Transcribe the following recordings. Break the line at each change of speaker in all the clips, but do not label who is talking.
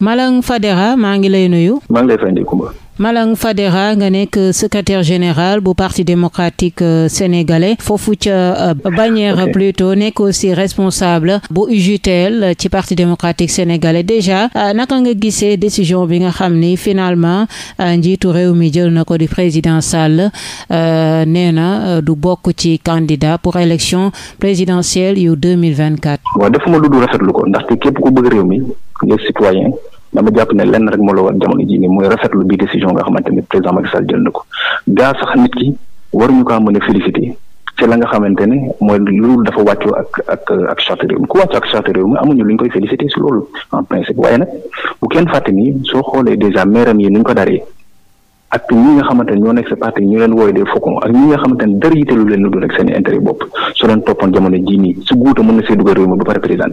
Malang Fadera maa ngi lay nuyu.
maa ngi
nga nekk secrétaire général bu parti démocratique euh, sénégalais foofu ca euh, Bagnères plutôt nekk aussi responsable bu UJTL ci parti démocratique sénégalais déjà euh, naka nga gisee décision bi nga xam ni finalement njiitu réew mi jël na ko di président Sall nee na du bokk ci candidat pour élection présidentielle yu 2024.
waaw defuma lu les citoyens dama jàpp ne lenn rek moo la war jamono jii mooy rafetlu bi décision nga xamante ne président Macky Sall jël na ko gaa sax nit ki waruñu kaa mën a féliciter nga xamante ne mooy loolu dafa wàccoo ak ak ak charte réew ñu koy féliciter si loolu en principe waaye nag bu kenn fàtte soo xoolee déjà meeram yi ni ko daree ak ñi nga xamante ne ñoo nekk sa parti ñu leen wooye des faucons ak ñi nga xamante dara yitelu leen lu dul rek seen i bopp soo leen toppoon jamono jii nii su mën na see dugal réew mi ba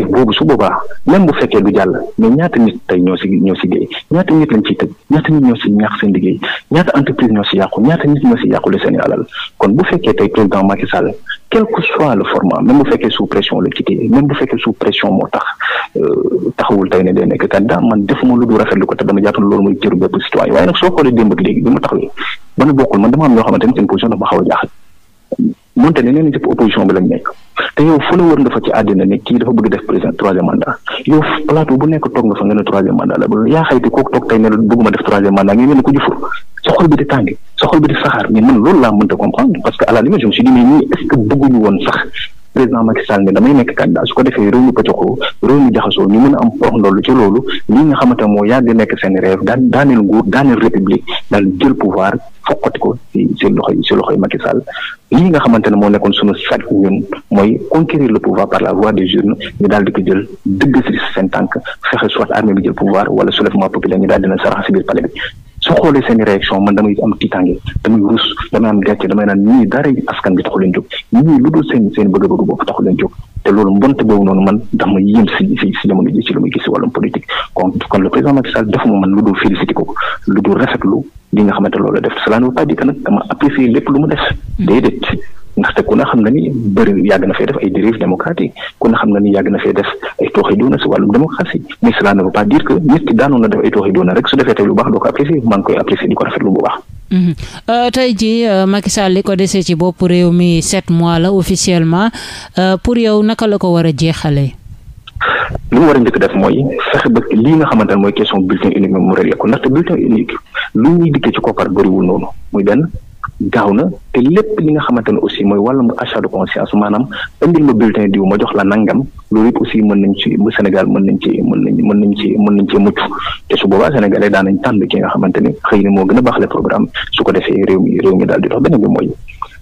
te boobu su boobaa même bu fekkee du jàll mais ñaata nit tey ñoo si ñoo si dee ñaata nit lañ ciy tëj ñaata nit ñoo si ñaax seen liggéey ñaata entreprise ñoo si yàqu ñaata nit ñoo si yàqule seen alal kon bu fekkee tey président Macky Sall quel que soit le format même bu fekkee sous pression la quitté même bu fekkee sous pression moo tax euh, taxawul tey ne day nekk candidat man defuma lu du rafetlu ko te dama jàpp loolu mooy jëru bépp citoyen waaye nag soo xoolee a jaaxal moonte te yow fu ne wër nga fa ci àddina ne kii dafa bëgg def président troisième mandat yow plateau bu nekk toog nga fa nga troisième mandat la ba yaa xayti kooku toog tey ne bëgguma def troisième mandat nga mel ne ko jufur sa xol bi di tànge sa xol bi di saxaar mais man loolu laa mënta comprendre parce que à la limite je me suis bëgguñu woon sax président Macky Sall damay nekk candidat su ko defee réew mi pëccaxoo réew mi jaxasoo ñu mën a am porox ndollu ci loolu lii nga xamante moo yàgg nekk seen rêve daan daaneel nguur daaneel république daal jël pouvoir fokkati ko si si loxoy si loxoy li Sall nga xamante ne moo nekkoon suñu sag ñun mooy conquérir le pouvoir par la voie des urnes ñu daal di ko jël dëgg si seen tànk fexe soit armée bi jël pouvoir wala soulèvement populaire ñu daal dina sarax si biir palais bi su xoolee seen réaction man damay am tiitange damay rus damay am gàcce damay naan ñii dara askan bi taxu leen jóg ñii lu dul seen seen bëgg-bëgg bopp taxu te loolu mbonte boobu noonu man dax ma yéem si si si jamono ji ci lu muy gis si wàllum politique kon kon le président Macky Sall defuma man lu dul félicité ko lu dul rafetlu li nga xamante loolu def cela ne veut pas dire que nag dama apprécier lépp lu mu def mm. déedéet te a ne xam na ni bëri yàgg na fee def ay dérives démocratiques ku a xam na ni yàgg na fee def ay tooxi doona si wàllum démocratie mais cela ne veut pas na rek su defee tey lu baax doo ko apprécier maa koy apprécier di ko rafetlu bu baax. Mm-hmm.
Euh, tey jii euh, Macky li ko dese ci bopp réew mi sept mois la officiellement euh, pour yow naka la ko war a jeexalee.
mu war a njëkk def mooy fexe ba lii nga xamante mooy question bulletin unique mu réglé ko ndaxte bulletin gaaw na te lépp li nga xamante ne aussi mooy wàllum achat de conscience maanaam indil ma bulletin diw ma jox la nangam loolu yëpp aussi mën nañ ci bu Sénégal mën nañ ci mën nañ mën nañ ci mën nañ ci mucc te su boobaa Sénégalais daan nañ tànn ki nga xamante ne xëy na moo gën a baax le programme su ko defee réew mi réew mi daal di dox beneen bi mooy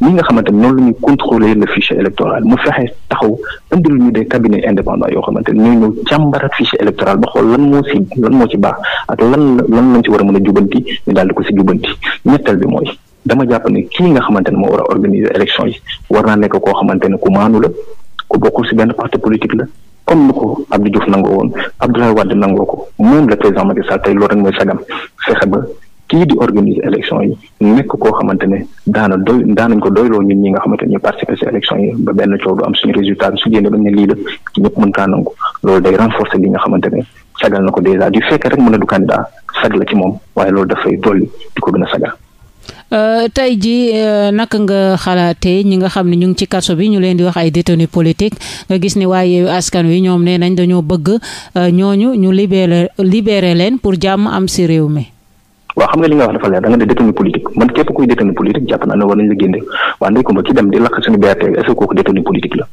ñi nga xamante ne noonu la ñuy contrôler le fichier électoral mu fexe taxaw lu ñu des cabinets indépendants yoo xamante ne ñoo ñëw càmbarat fichier xool lan moo si lan moo baax ak lan lan lañ ci war a mën a jubanti daal di ko si jubanti ñetteel bi mooy dama jàpp ne kii nga xamante ne moo war a organiser élection yi war naa nekk koo xamante ne ku maanu la ku bokkul ci benn parti politique la comme ni ko Abdou Diouf nangoo woon Abdoulaye Wade nangoo ko moom la président Macky Sall tey loolu rek mooy sagam fexe ba kii nekk koo xamante ne daana doy daanañ ko doyloo ñun ñi nga xamante ne ñu participer ci élection benn coow du am suñu résultat bi su génne bañ ne lii la ci ñëpp mën kaa nangu loolu day renforcer li nga xamante ne sagal na ko dèjà du fekk rek mën a du candidat sag la ci moom waaye loolu dafay dolli di ko gën a sagal
Euh, tey ji euh, naka nga xalaatee ñi nga xam ne ñu ngi ci kaso bi ñu leen di wax ay détenus politiques nga gis ni waaye askan wi ñoom nee nañ dañoo bëgg euh, ñooñu ñu libéré libéré leen pour jàmm am si réew mi.
waaw xam nga li nga wax dafa leer da nga ne détenu man képp kuy détenu politique jàpp naa ne war nañ la génne waa ndey ko ma dem di lakk suñu BRT est-ce kooku détenu politique la.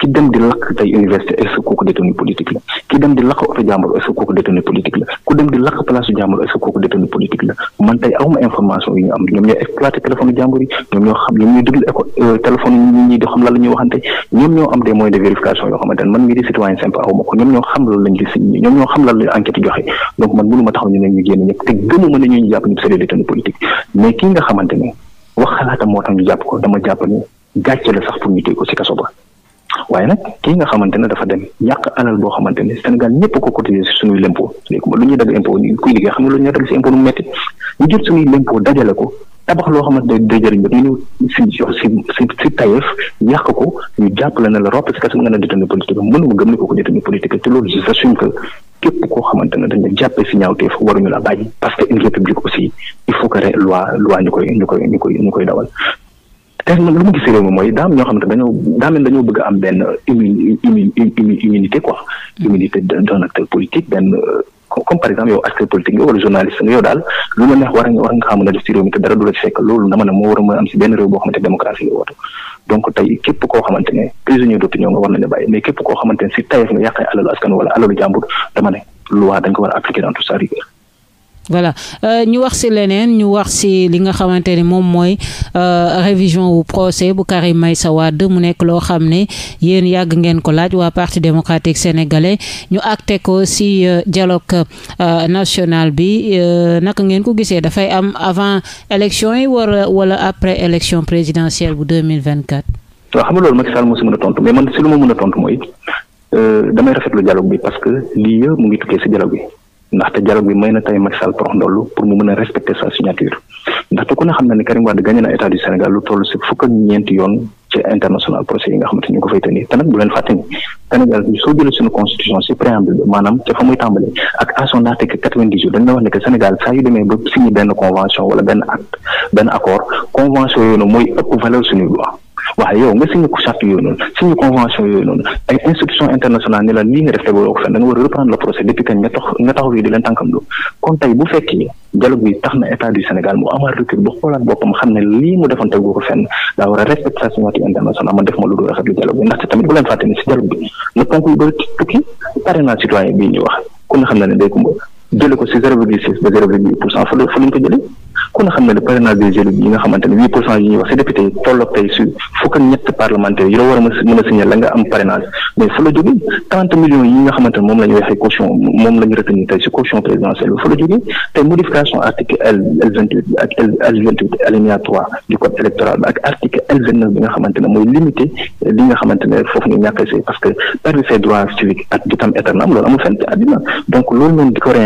ki dem di lakk tey université est-ce que kooku détenu politique la ki dem di lakk oto jàmbur est-ce que kooku détenu politique la ku dem di lakk place su jàmbur est-ce que kooku détenu politique la man tey awma information yi ñu am ñoom ñooy exploité téléphone jàmbur yi ñoom ñoo xam ñoom ñuy déglu école euh, téléphone yi ñi di xam lan la ñuy waxante ñoom ñoo am des moyens de vérification yoo xamante ne man mii di citoyen simple awma ko ñoom ñoo xam loolu lañ gis ñoom ñoo xam lan la enquête joxe donc man mënu ma taxaw ñu ne ñu génn ñëpp te gëmuma ne ñooñu jàpp ñëpp c'est des détenus politiques mais kii nga xamante ne wax xalaatam moo tax ñu jàpp ko dama jàpp ne gàcce la sax pour ñu téye ko ci kaso ba waaye nag kii nga xamante ne dafa dem yàq alal boo xamante ne Sénégal ñëpp ko cotiser si suñuy lempo léegi lu ñuy dagg impôt kuy liggéey xam nga lu ñuy dagg si impôt nu metti ñu jël xamante ne day jëriñ ñu ñëw si si si ko ñu jàppale ne la ropp si kese nga ne détenu politique mënuma ne ko ko détenu politique te loolu j'assume que képp koo xamante ne dañu jàppee si ñaawteef waruñu la bàyyi parce que une république aussi il faut que loi loi koy ñu koy ñu koy ñu koy dawal te man lu ma gis réew mi mooy daam ñoo xam ne dañoo daa a am benn immu immunité quoi. immunité d'un acteur politique benn euh, comme par exemple yow acteur politique nga wala journaliste nga yow daal lu la neex war nga war nga xam ne réew mi te dara du la fekk loolu dama ne moo war a a am ci benn réew boo xamante démocratie la woote donc tey képp koo xamante ne prisonnier d'opinion nga war nañ la mais képp koo xamante ne si tayef nga yàqee alalu alalu jàmbur dama a appliquer
voilà euh, ñu wax ci leneen ñu wax ci li nga xamante ne moom mooy euh, révision wu procès bu may sa Wade mu nekk loo xam ne yéen yàgg ngeen ko laaj waa parti démocratique sénégalais ñu akte ko ci jalook euh, national bi naka ngeen ko gisee dafay am avant élection yi war a wala après élection présidentielle bu deux mille vingt quatre.
waaw xam nga loolu Macky Sall moo a tontu mais man ci lu ma mën a tontu mooy damay rafetlu dialogue bi parce que lii mu ngi tukkee ci dialogue ndaxte dialogue bi may na tey Macky Sall porox ndollu pour mu mën a respecter sa signature ndaxte ku ne xam na ni Karim Wade gagné na état du Sénégal lu toll si fukk ak ñeenti yoon ci international procès yi nga xamante ñu ko fay te nag bu leen fàtte Sénégal soo jëlee suñu constitution si préambule bi maanaam te fa muy tàmbalee ak à son article quatre-vingt-dix-huit dañ la wax ne que Sénégal saa yu demee ba signé benn convention wala benn acte waaw yow nga signé ko charte yooyu noonu signé convention yooyu noonu ay institution internationale ni la nii def tegoo ko fen da nga reprendre le procès depuis kañ nga tax nga taxaw leen tànkam lu kon tey bu fekkee dialogue bi tax na état du Sénégal mu amaat recul ba xoolaat boppam xam ne lii mu defoon tegoo ko daa war a internationale man def ma lu dul rafetlu dialogue bi ndaxte tamit bu leen fàtte ne si dialogue bi le ponk xam na ne day jëlee ko si zero virgule six ba huit pour cent fa la ko jëlee kon xam na ne parrainage des élus yi nga xamante huit pour cent yi ñuy wax si député yi tolloog tey su ñett parlementaires yi la war a mën a signé la nga am parrainage mais fa la jógee trente millions yi nga xamante moom la ñu caution moom la ñu retenir tey si caution présidentielle bi la jógee tey modification article L L vingt huit ak du code électoral ak article que perdre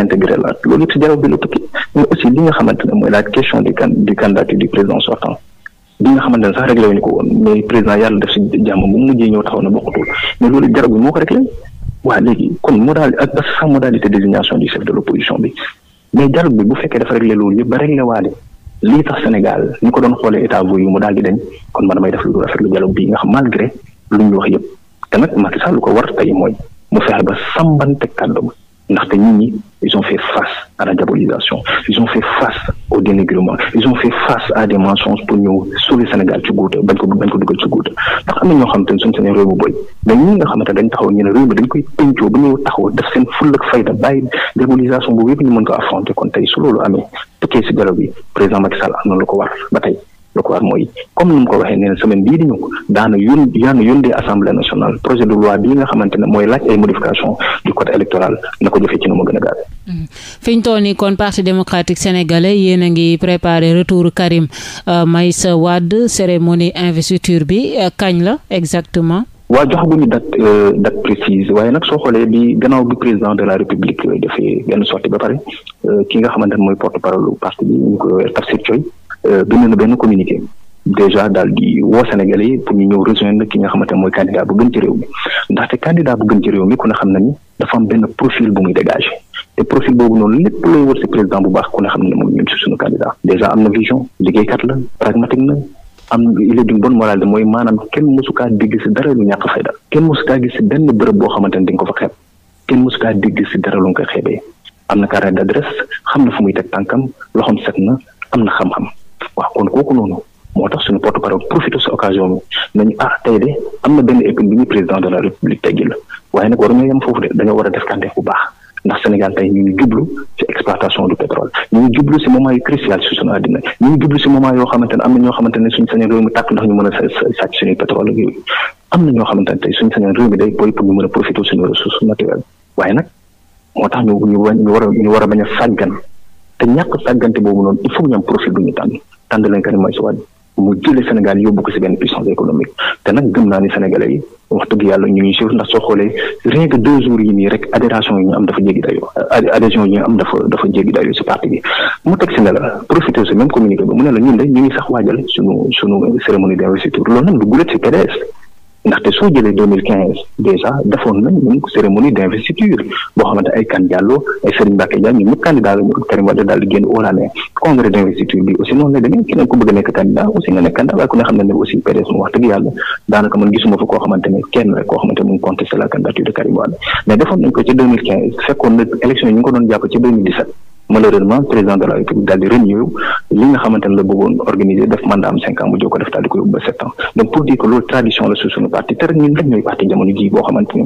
ses intégré la loolu yëpp si dialogue bi la tukki mais aussi li nga xamante ne mooy la question du can du candidature du président sortant bi nga xamante ne sax réglé wuñu ko woon mais président yàlla def si jàmm bu mujjee ñëw taxaw na bokkatul mais loolu dialogue bi ko bu fekkee dafa réglé loolu yëpp ba réglé waale lii tax Sénégal ñu ko doon xoolee état voyou mu daal di dañ kon man damay def lu rafetlu dialogue bi nga xam malgré lu ñu wax yëpp te nag Macky Sall lu ko war tey mooy ba sàmbante ndaxte nit ñi ils ont fait face à la diabolisation ils ont fait face au dénigrement à des pour ñëw sauver Sénégal ci guuta bañ ko bañ ko ci guuta ndax am na ñoo xam ne suñ seen réew bu boy mais ñi nga xamante dañ taxaw ñu ne réew bi dañ koy pëncoo ba ñëw taxaw def seen full ak da bàyyi diabolisation boobu yëpp ñu mën ko affronter kon tey su loolu amee tëkkee si garab yi président Macky Sall am na lu ko war ba tey lu ko war mooy ni de loi bii nga xamante ne mooy laaj a gaawe
mm-hmm. kon parti démocratique sénégalais yéen a ngi préparé retour Karim euh, Meïssa Wade cérémonie investiture bi euh, kañ la exactement
waa joxaguñu date euh, date précise waaye nag soo xoolee bi gannaaw bi président de la république dafee benn sortie ba pare ki nga xamante mooy porte parole parti bi ñu ko Tafsir Thioye bind euh, na benn communiqué déjà daal di woo Sénégalais yi pour ñu ñëw rejoindre ki nga xamante mooy candidat bu gën ci réew mi ku ne xam na ni dafa am benn profil bu muy dégager te profil boobu noonu lépp looy wër si président bu baax ku ne xam ne moom ñun si suñu candidat déjà am na vision liggéeykat la pragmatique na am il est d'une bonne morale mooy maanaam kenn mosu kaa dégg si dara lu ñàkk fayda kenn mosu kaa gis si benn bërëb boo xamante ne di nga ko fa xeeb kenn mosu kaa dégg dara lu nga ko xeebee am xam na fu muy teg tànkam loxoom set na am na xam-xam waaw kon kooku noonu moo tax suñu porte parole profité sa occasion bi nañu ah tey de am na benn épine président de la république teggil waaye nag war ñoo yem foofu de dañoo war def kànteef bu baax ndax Sénégal tey ñu ngi jublu si moment yu crucial si suñu àddina ñu ngi xamante ne am na ñoo xamante ne suñu sañoon réew mi tàkk ndax ñu mën a sàcc suñuy pétrole day booy pour ñu mën a profité suñu ressource naturelle waaye nag moo tax ñu ñu war a ñu war a bañ a sàggan te ñàkk sàggante boobu noonu il faut ñu am profil bu ñu tànn tàndaleen Karim Meïssa Wade mu jëlee Sénégal yóbbu ko si benn puissance économique te nag gëm naa ni Sénégalais yi wax dëgg yàlla ñu ngi suuf ndax soo xoolee rien que deux jours yi nii rek adhération yi ñu am dafa jéggi dayoo adhésion yi ñu am dafa si parti bi mu teg si ne la profité si même communiqué ba mu ne la ñun de ñu ngi sax waajal suñu suñu cérémonie d'investiture loolu nag du gulet si PDS ndaxte soo jëlee deux mille quinze déjà defoon nañ a nekk xam ne ne kenn rek koo xamante mu deux mille quinze fekkoon élection yi ñu ngi ko doon deux mille dix malheureusement président de la république daal di renouer li nga xamante ne la bëggoon organiser def mandat cinq ans mu jóg ko def di ko ba sept ans donc pour dire que loolu tradition la su suñu parti te rek ñun rek ñooy parti jamono boo xamante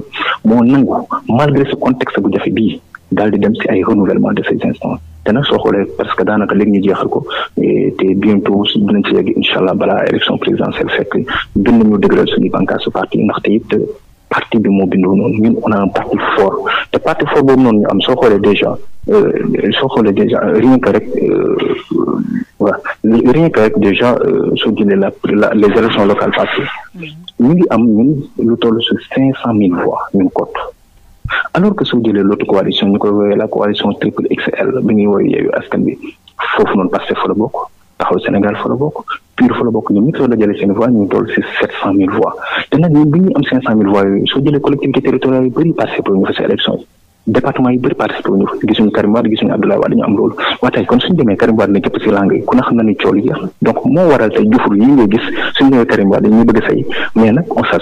moo nangu malgré ce contexte bu jafe bii daal di dem si ay renouvellement de ces instances te nag soo xoolee parce que daanaka léegi ñu jeexal ko te bientôt dinañ ci yegg incha allah balaa élection présidentielle parti bi moo bindoo noonu ñun on a un parti fort te parti fort boobu noonu ñu am soo xoolee déjà euh, soo xoolee déjà rien que rek euh, voilà rien que rek déjà euh, soo jëlee la la les élections locales passées mm-hmm. ñu ngi am ñun lu toll sur cinq cent mille voix ñun cote alors que soo jëlee l'autre coalition ñu koy woowee la coalition triple XL bi ñuy woowee Yewwi Askan Wi foofu noonu Pastef fa la bokk Taxawu Sénégal fa la PUR fa la bokk ñoom ñëpp soo dajale seen voix ñu ngi si sept cent mille voix te nag ñun bi am cinq cent mille voix soo jëlee collectivité territoriale yu bëri ñu fa si élection yi département yi bëri participé wu ñu fa gisuñu Karim Wade gisuñu Abdoulaye ñu am loolu waaye tey kon suñu demee Karim Wade na jëpp si langue yi ku na na ni cool yi donc moo waral tey jufur yi ngay gis suñu demee Karim Wade ñu bëgg say mais nag on ça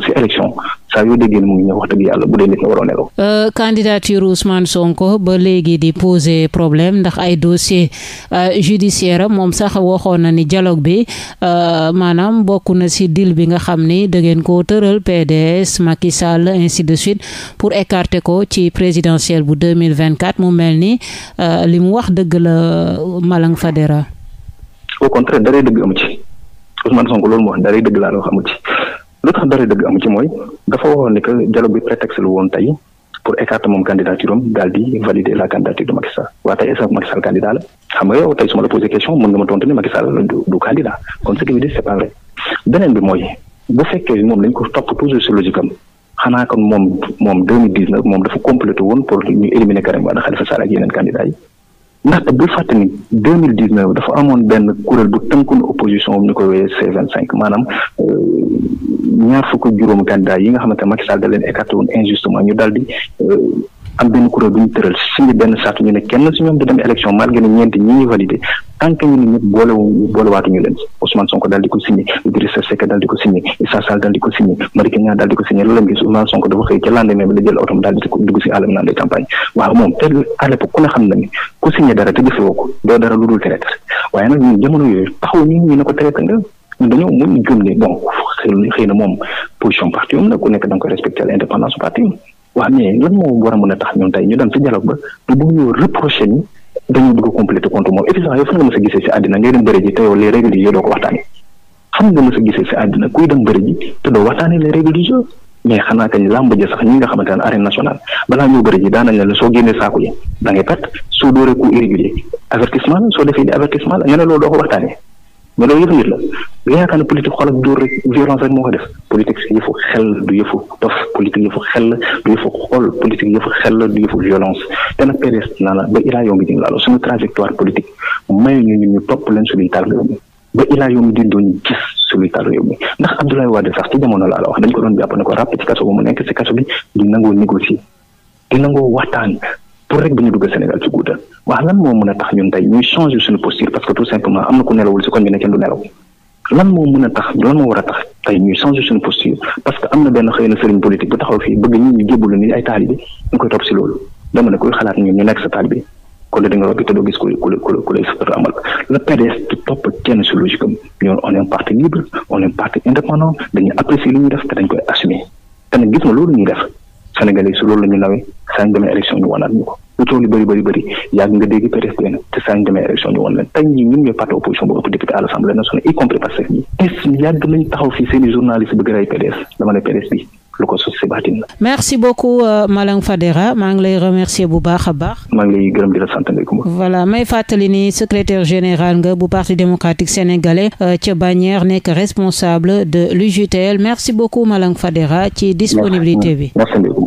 si élection saa yoo déggee mu ngi ñëw wax dëgg yàlla bu dee nit na waroo nelaw.
Euh, candidature Ousmane Sonko ba léegi di poser problème ndax ay dossier euh, judiciaire moom sax waxoon na ni dialogue bi euh, maanaam bokk na ci deal bi nga xam ni dangeen ko tëral PDS Macky Sall ainsi de suite pour écarter ko ci présidentielle bu 2024 mu mel ni li mu wax dëgg la Malang Fadera.
au contraire dara dëgg amu ci Ousmane Sonko loolu moo wax dara dëgg laa la wax amu lu tax dara dëgg amu ci mooy dafa waxoon ne que dialogue bi prétexte la woon tey pour écarter moom candidature am daal di valider la candidature de Macky Sall waa tey est-ce que Macky Sall candidat la xam nga yow tey la posé question mën nga ma tontu ne Macky du candidat kon ce c'est pas beneen bi mooy bu fekkee moom dañ ko topp toujours sur logique am xanaa kon moom moom 2019 moom dafa complété woon pour ñu éliminer Karim Wade Khalifa Sall ak yeneen candidats ndaxte bul fàtte ni deux mille dix neuf dafa amoon benn kuréel bu tënkoon opposition bu ñu ko wéyee C vingt cinq maanaam euh, ñaar fukk juróom candidat yi nga xamante Macky Sall da leen écarté woon injustement ñu daal di euh, am benn kuréel bu ñu tëral suñu benn sart ñu ne kenn si ñoom di dem élection malgré ne ñeenti ñi ñuy validé tant que ñu ne ñëpp boolewu boolewaatuñu leen Ousmane Sonko daal di ko signé Idrissa Seck daal di ko signé Issa Sall daal di ko signé Madické Niang daal di ko signé loolu lañ gis Ousmane Sonko dafa xëy ca lendemain bi la jël otom daal di ko dugg si àlam naan day campagne waaw moom te à l'époque ku ne xam na ni ku signé dara te jëfewoo ko doo dara lu dul traître waaye nag ñun jamono yooyu taxaw ñu ñu ne ko traître nga ñun dañoo mun gëm ne bon xëy na moom position parti am na ku nekk da nga koy respecté l'indépendance parti waa mais lan moo war a a tax ñun tey ñu dem sa dialogue ba du bëgg ñoo reproché ni dañoo bëgg a complété contre moom et puis sax nga mës a gisee si àddina ngay dem bëri ji te yow les doo waxtaane xam nga a gisee si àddina mais xanaa kañ làmb ja sax ñi nga xamante ne arène nationale balaa ñoo bëri ji daanañ la soo génnee saako yi da ngay perte soo dóoree coup irrégulier avertissement la soo defee di avertissement la nga ne loolu doo ko waxtaanee mais loolu yëpp la nga yaakaar ne politique xol ak dóor rek violence rek moo ko def politique yëfu xel du yëfu dof politique yëfu xel du yëfu xol politique yëfu xel du yëfu violence te nag PDS naa la ba ilaa yombi di laalo suñu trajectoire politique taal réew mi ba ilaa yombi sax ci jamono laa la wax dañ ko doon jàpp ne ko ràpp ci kaso bu mu nekk ci kaso bi di nangoo négocier di nangoo waxtaan pour rek bi ñu dugg Sénégal ci guutal wax lan moo mën a tax ñun tey ñuy changer suñu posture parce que tout simplement na ku nelawul si ne kenn du nelaw lan moo mën a tax lan moo war a tax tey ñuy changer seen posture parce que am na benn xëy na sëriñ politique bu taxaw fii bëgg ñi ñu jébbalu ni ay taalibe ñu koy topp si loolu dama ne koy xalaat ñun ñu nekk sa taalibe kon da nga te doo gis ku ku ku ku lay sëkk amal topp kenn si logique am ñun on libre on est indépendant dañuy apprécier li ñuy def te dañ koy assumer te nag gis nga loolu ñuy def. Sénégalais yi su loolu la ñu nawee saa ñu demee élection ñu wanaat ñu ko lu tool yi bëri bëri bëri yàgg nga dégg PDS benn te saa ñu demee élection ñu wan leen tey ñi ñun ñooy opposition bu ëpp député à l'Assemblée nationale y compris Pastef ñi te yàgg nañ taxaw fii seen i journaliste bëgg ray PDS dama ne PDS bi
merci beaucoup euh, Malang Fadera maa ngi lay remercier bu baax a baax.
maa ngi lay gërëm di la sant
voilà may fàttali ni secretaire général nga bu parti démocratique sénégalais ca euh, Bagnères nekk responsable de l'UJTL merci beaucoup Malang Fadera ci disponibilité bi.